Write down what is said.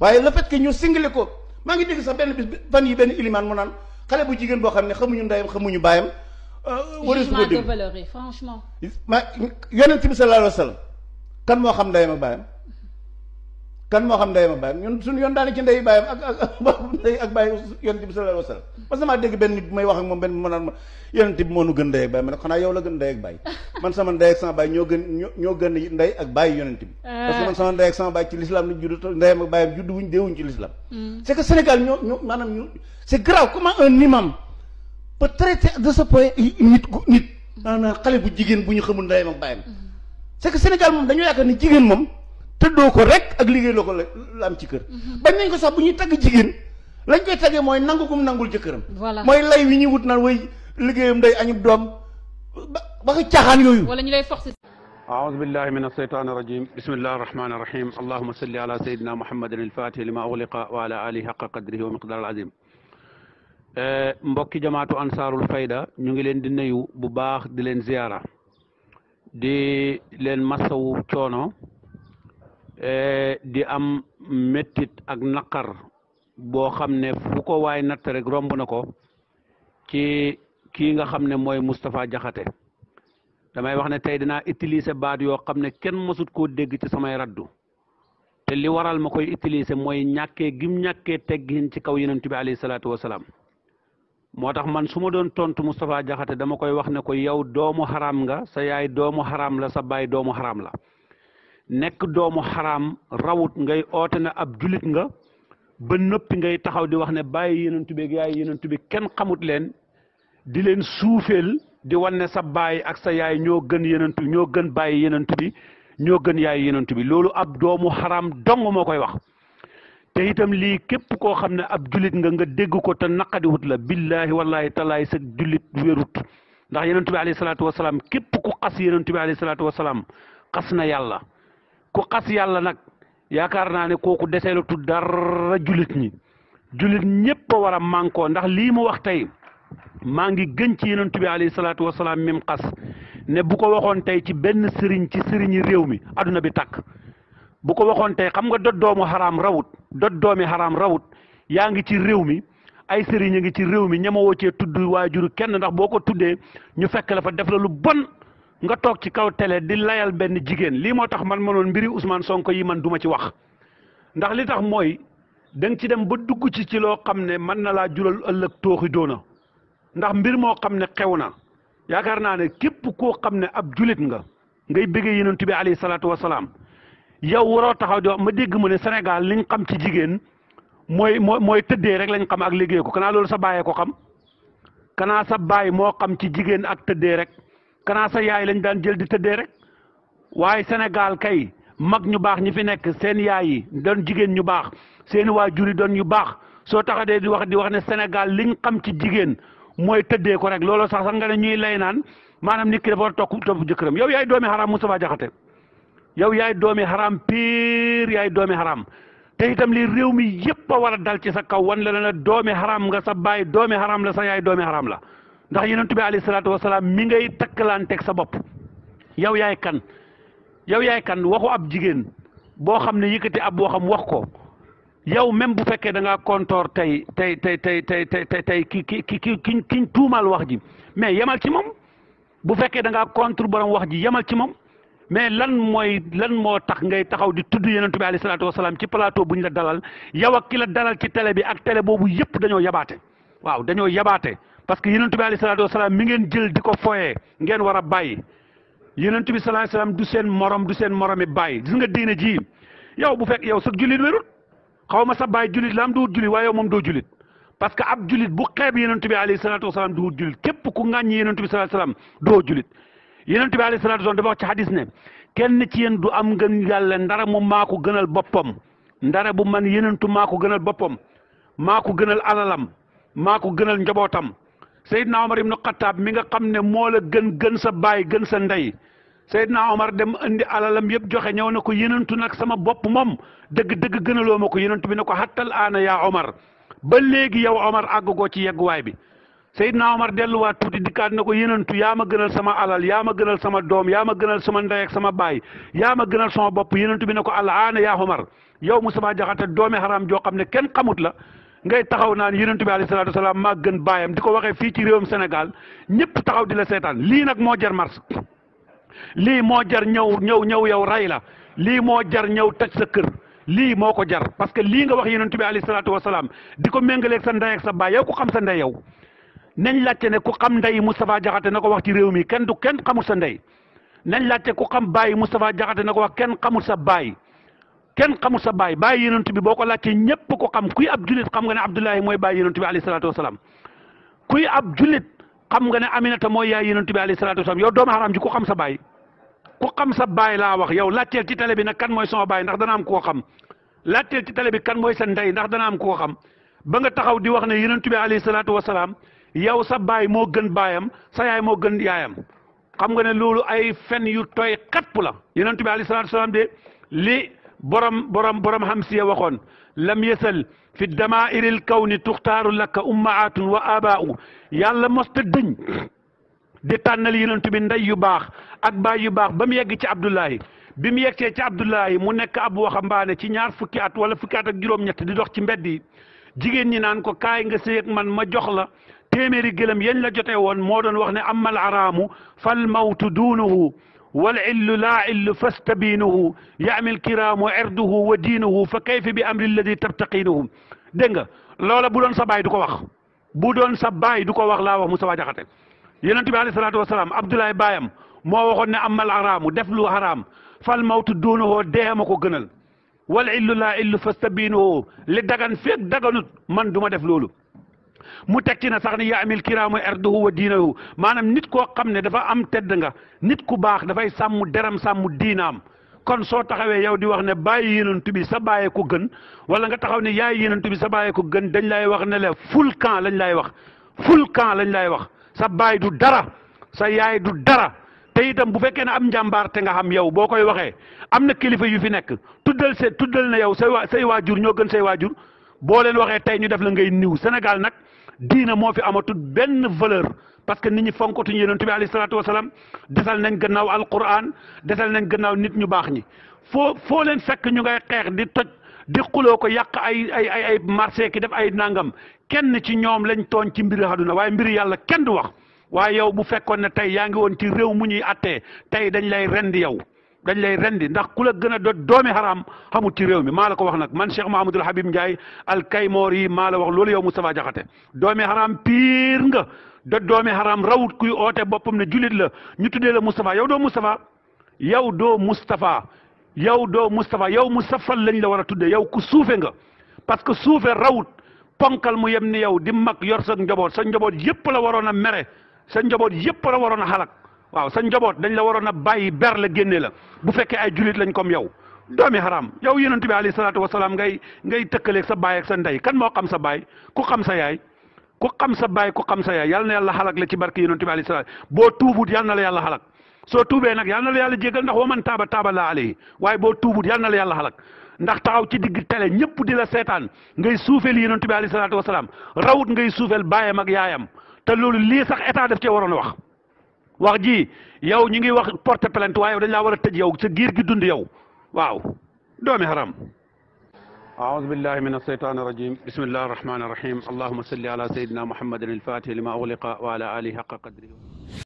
waaye le fait que ñu single ko maa ngi dégg sax benn bis fan yi benn ilimaan mu naan xale bu jigéen boo xam ne xamuñu ndayam xamuñu baayam. Euh, wala su ko dégg jugement ma yonent bi sallallahu alayhi wa sallam kan moo xam ndeyam ak baayam. kan moo xam ndeyam ak bàyyam ñun suñu yoon daane ci ndey bàyyam ak ak ak bàyyi yonent bi sallallahu alayhi wasallam parce que maa dégg benn nit bu may wax ak moom benn mu naan ma yonent bi moo nu gën ndey ak bàyyi ma ne xanaa yow la gën ndey ak bàyyi man sama ndey ak sama bàyyi ñoo gën ñoo gën ndey ak bàyyi yonent bi ah. parce que man sama ndey ak sama bàyyi ci l'islam lañ judd ndeyam ak bàyyam judd wuñ déewuñ ci l'islam hmm. c'est que Sénégal ñoo ñoo maanaam ñu c'est grave comment un imam peut traiter de ce point nit nit hmm. maanaam xale bu jigéen bu ñu xamul ndeyam ak bàyyam hmm. c'est que Sénégal moom dañoo yàakaar ni jigéen moom tëddoo ko rek ak liggéey loo ko la am ci kër. Mhm. bañ nañ ko sax bu ñuy tagg jigéen lañ koy taggee mooy nangu gum nangul jëkkëram. voilà mooy lay wi ñuy wut naan way liggéeyam day añub doom ba ba ko caaxaan yooyu. wala ñu lay forcer. أعوذ بالله من الشيطان الرجيم بسم الله الرحمن الرحيم اللهم صل على سيدنا محمد الفاتح لما أغلق وعلى آله حق قدره ومقدار العظيم mbokki jamaatu ansaarul fayda ñu ngi leen di nuyu bu baax di leen ziyaara di leen masawu coono Eh, di am mettit ak naqar boo xam ne fu ko waay natt rek romb na ko ci kii nga xam ne mooy Moustapha Jaxate damay wax ne tey dinaa utiliser baat yoo xam ne kenn mosut koo dégg ci samay raddu te li waral ma koy utiliser mooy ñàkkee gim ñàkkee teggin ci kaw yonent bi alayhi salaatu moo tax man su ma doon tontu Moustapha Jaxate dama koy wax ne ko yow doomu xaraam nga sa yaay doomu xaraam la sa baay doomu xaraam la nekk doomu xaraam rawut ngay oote na ab julit nga ba noppi ngay taxaw di wax ne bàyyi yenentu bi yaay yenentu bi kenn xamut leen di leen suufeel di wanne sa baay ak sa yaay ñoo gën yenentu ñoo gën bàyyi yenentu bi ñoo gën yaay yenentu bi loolu ab doomu xaraam dong moo koy wax te itam lii képp koo xam ne ab julit nga nga dégg ko te naqadiwut la billaahi wallaahi talaay sa julit wérut ndax yenentu bi alayhi salaatu wasalaam képp ku xas yenentu bi alayhi salaatu na yàlla ku xas yàlla nag yaakaar naa ne kooku desee la tudd dara jullit ñi jullit ñépp a war a mànkoo ndax lii mu wax tey maa ngi gën ci yonent bi alayhi salaatu wasalaam mim xas ne bu ko waxoon tey ci benn sëriñ ci sëriñi réew mi aduna bi takk bu ko waxoon tey xam nga dot doomu xaraam rawut dot doomi xaram rawut yaa ngi ci réew mi ay sëriñ a ngi ci réew mi ñemewoo cee tudd waajuru kenn ndax boo ko tuddee ñu fekk la fa def la lu bon nga toog ci kaw tele di layal benn jigéen lii moo tax man mënoon mbiri usmaan Sonko yi man duma ci wax ndax li tax mooy da nga ci dem ba dugg ci ci loo xam ne mën na laa jural ëllëg tooxi doona ndax mbir moo xam ne xew na yaakaar naa ne képp koo xam ne ab julit nga ngay bëggee yonent tibi alayhi salaatu wasalaam yow waroo taxaw di wax ma dégg mu ne Sénégal liñ xam ci jigéen mooy mooy mooy tëddee rek lañ xam ak liggéey ko kanaa loolu sa bàyyee ko xam kanaa sa bàyyi moo xam ci jigéen ak tëddee rek kanaa sa yaay lañu daan jël di tëddee rek waaye Sénégal kay mag ñu baax ñi fi nekk seen yaay yi doon jigéen ñu baax seeni waajur yi doon yu baax soo tax dee di wax di wax ne Sénégal liñ xam ci jigéen mooy tëddee ko rek looloo sax sax nga ne ñuy lay naan maanaam nit ki dafa war topp topp jëkkëram yow yaay doomi xaraam Moustapha Diakhaté yow yaay doomi xaraam piir yaay doomi xaraam te itam li réew mi yëpp a war a dal ci sa kaw wan la ne la doomi xaraam nga sa baay doomi xaraam la sa yaay doomi xaraam la ndax yonent bi alayhi salaatu wasalaam mi ngay takkalanteeg sa bopp yow yaay kan yow yaay kan waxu ab jigéen boo xam ne yëkkati ab boo xam wax ko yow même bu fekkee da ngaa kontoor tey tey tey tey tey tey tey ki ki ki ki ki kiñ tuumaal wax ji mais yemal ci moom bu fekkee da ngaa contre borom wax ji yemal ci moom mais lan mooy lan moo tax ngay taxaw di tudd yonent bi alayhi salaatu wasalaam ci plateau bu ñu la dalal yow ak ki la dalal ci tele bi ak télé boobu yëpp dañoo yabaate waaw dañoo yabaate. parce que yonent bi alayhi salaatu wasalaam mi ngeen jël di ko foyee ngeen war a bàyyi yeneen bi salaatu wasalaam du seen morom du seen moromi bàyyi gis nga diine ji yow bu fekk yow sa jullit wérut xaw ma sa bàyyi jullit la am du wut jullit waaye yow moom doo jullit parce que ab jullit bu xeeb yonent bi alayhi salaatu wasalaam du wut jullit képp ku ŋàññi yonent bi salaatu wasalaam doo jullit yeneen bi alayhi salaatu wasalaam dafa wax ci hadis ne kenn ci yéen du am ngën yàlla ndara mu maa ko gënal boppam ndara bu man yenentu maa ko gënal boppam maa ko gënal alalam maa ko gënal njabootam Seydina Omar ibnu Xataab mi nga xam ne moo la gën gën sa baay gën sa ndey Seydina Omar dem indi alalam yëpp joxe ñëw na ko yenentu nag sama bopp moom dëgg-dëgg gënaloo ma ko yenentu bi na ko xattal aana yaa Omar ba léegi yow Omar àggugoo ci yegguwaay bi Seydina Omar delluwaat tuuti dikkaat na ko yenentu yaa ma gënal sama alal yaa ma gënal sama doom yaa ma gënal sama ndey sama baay yaa ma gënal sama bopp yenentu bi ne ko al aana yaa Omar yow Moussa Jaxate doomi haram joo xam ne kenn xamut la ngay taxaw naan yonent bi alayhi salaatu wasalaam maa gën baayam di ko waxee fii ci réewum Sénégal ñëpp taxaw di la seetaan lii nag moo jar mars lii moo jar ñëw ñëw ñëw yow ray la lii moo jar ñëw taj sa kër lii moo ko jar parce que lii nga wax yonent bi alayhi salaatu wasalaam di ko méngaleeg sa ndey sa baay yow ku xam sa ndey yow nañ laajte ne ku xam ndey Moustapha Diakhaté na ko wax ci réew mi kenn du kenn xamul sa ndey nañ laajte ku xam baay Moustapha Diakhaté na ko wax kenn xamul sa baay kenn xamul sa baay baay yonent bi boo ko laajtee ñëpp ko xam kuy ab jullit xam nga ne Abdullahi mooy baay yonent bi alayhi salaatu wasalaam kuy ab jullit xam nga ne Aminata mooy yaay yonent bi alayhi salaatu wasalaam yow doomu haram ji ku xam sa baay ku xam sa baay laa wax yow laajteel ci télé bi na kan mooy sama baay ndax dana am koo xam laajteel ci télé bi kan mooy sa ndey ndax dana am koo xam ba nga taxaw di wax ne yonent bi alayhi salaatu wasalaam yow sa baay moo gën baayam sa yaay moo gën yaayam xam nga ne loolu ay fen yu tooy xat la yonent borom borom borom xamsiya waxoon lam yesal fi damaa'iril kawni tuxtaaru lakka ummaatun wa abaa'u yàlla mosta dëñ di tànnal yonent bi ndey yu baax ak baay yu baax ba mu yegg ci Abdullahi bi mu yegsee ci Abdullahi mu nekk ab waxambaane ci ñaar fukki at wala fukki at ak juróom-ñett di dox ci mbedd yi jigéen ñi naan ko kaay nga sëy man ma jox la téeméeri gëlëm yañ la jote woon moo doon wax ne amal araamu fal mawtu duunuhu والعل لا عل فاستبينه يعمل الكرام وعرضه ودينه فكيف بأمر الذي تبتقينه dégg nga loola bu doon sa baay du ko wax bu doon sa baay du ko wax laa wax Moustapha Diakhaté yonent bi alayhi salaatu wa salaam Abdoulaye baayam moo waxoon ne amal haraamu def lu haraam fal mawtu duunuhoo deema ko gënal wal illu laa illu fastabiinuhoo li dagan feeg daganut man du ma def loolu mu teg ci na sax ne yaa amil kiraamu erduhu wa diinahu maanaam nit koo xam ne dafa am tedd nga nit ku baax dafay sàmm deram sàmm diinaam kon soo taxawee yow di wax ne bàyyi yonent tubi sa bàyyee ko gën wala nga taxaw ne yaay yonent tubi sa bàyyee ko gën dañ lay wax ne la ful camp lañ lay wax ful camp lañ lay wax sa baay du dara sa yaay du dara te itam bu fekkee ne am njàmbaar te nga xam yow boo koy waxee am na kilifa yu fi nekk tuddal se tuddal na yow say wa say waajur ñoo gën say waajur boo leen waxee tey ñu def la ngay niw Sénégal nag diina moo fi amatul benn valeur parce que nit ñi fonkatuñu yonent bi alayhi salaatu wasalaam desal nañ gannaaw alquran desal nañ gannaaw nit ñu baax ñi foo foo leen fekk ñu ngay xeex di toj di xuloo ko yàq ay ay ay ay marché ki def ay nangam kenn ci ñoom lañ tooñ ci mbiri àdduna waaye mbiri yàlla kenn du wax waaye yow bu fekkoon ne tey yaa ngi woon ci réew mu ñuy attee tey dañ lay rendi yow dañ lay rendi ndax ku la gën a do doomi xaraam xamul ci réew mi maa la ko wax nag man Cheikh Mahamadul Habib Ndiaye alkaymoor yi maa la wax loolu yow Moustapha Jaxate doomi xaraam piir nga do doomi xaraam rawut kuy oote boppam ne julit la ñu tuddee la Moustapha yow doo Moustapha yow doo Moustapha yow doo Moustapha yow mu safal lañ la war a tuddee yow ku suufe nga parce que suufe rawut ponkal mu yem ni yow di mag yor sa njaboot sa njaboot yëpp la waroon a mere sa njaboot yëpp la waroon a xalak waaw sa njaboot dañ la waroon a bàyyi ber la génne la bu fekkee ay julit lañ comme yow doomi xaraam yow yonent bi alayhi salaatu wasalaam ngay ngay tëkkaleeg sa baay sa ndey kan moo xam sa baay ku xam sa yaay ku xam sa baay ku xam sa yaay yal na yàlla xalak la ci barke yonent bi alayhi salaatu boo tuubut yal na la yàlla xalak soo tuubee nag yal na la yàlla jégal ndax wa man taaba taaba laa alayhi waaye boo tuubut yal na la yàlla xalak ndax taxaw ci digg télé ñëpp di seetaan ngay suufeel yonent bi alayhi salaatu wasalaam rawut ngay suufeel baayam ak yaayam te loolu lii sax état daf cee waroon a wax wax ji yow ñu ngi wax porte plainte waaye dañ laa war a tëj yow sa giir gi dund yow waaw doomi haram أعوذ بالله من الشيطان الرجيم بسم الله الرحمن الرحيم اللهم صل على سيدنا محمد الفاتح لما أغلق وعلى آله حق قدره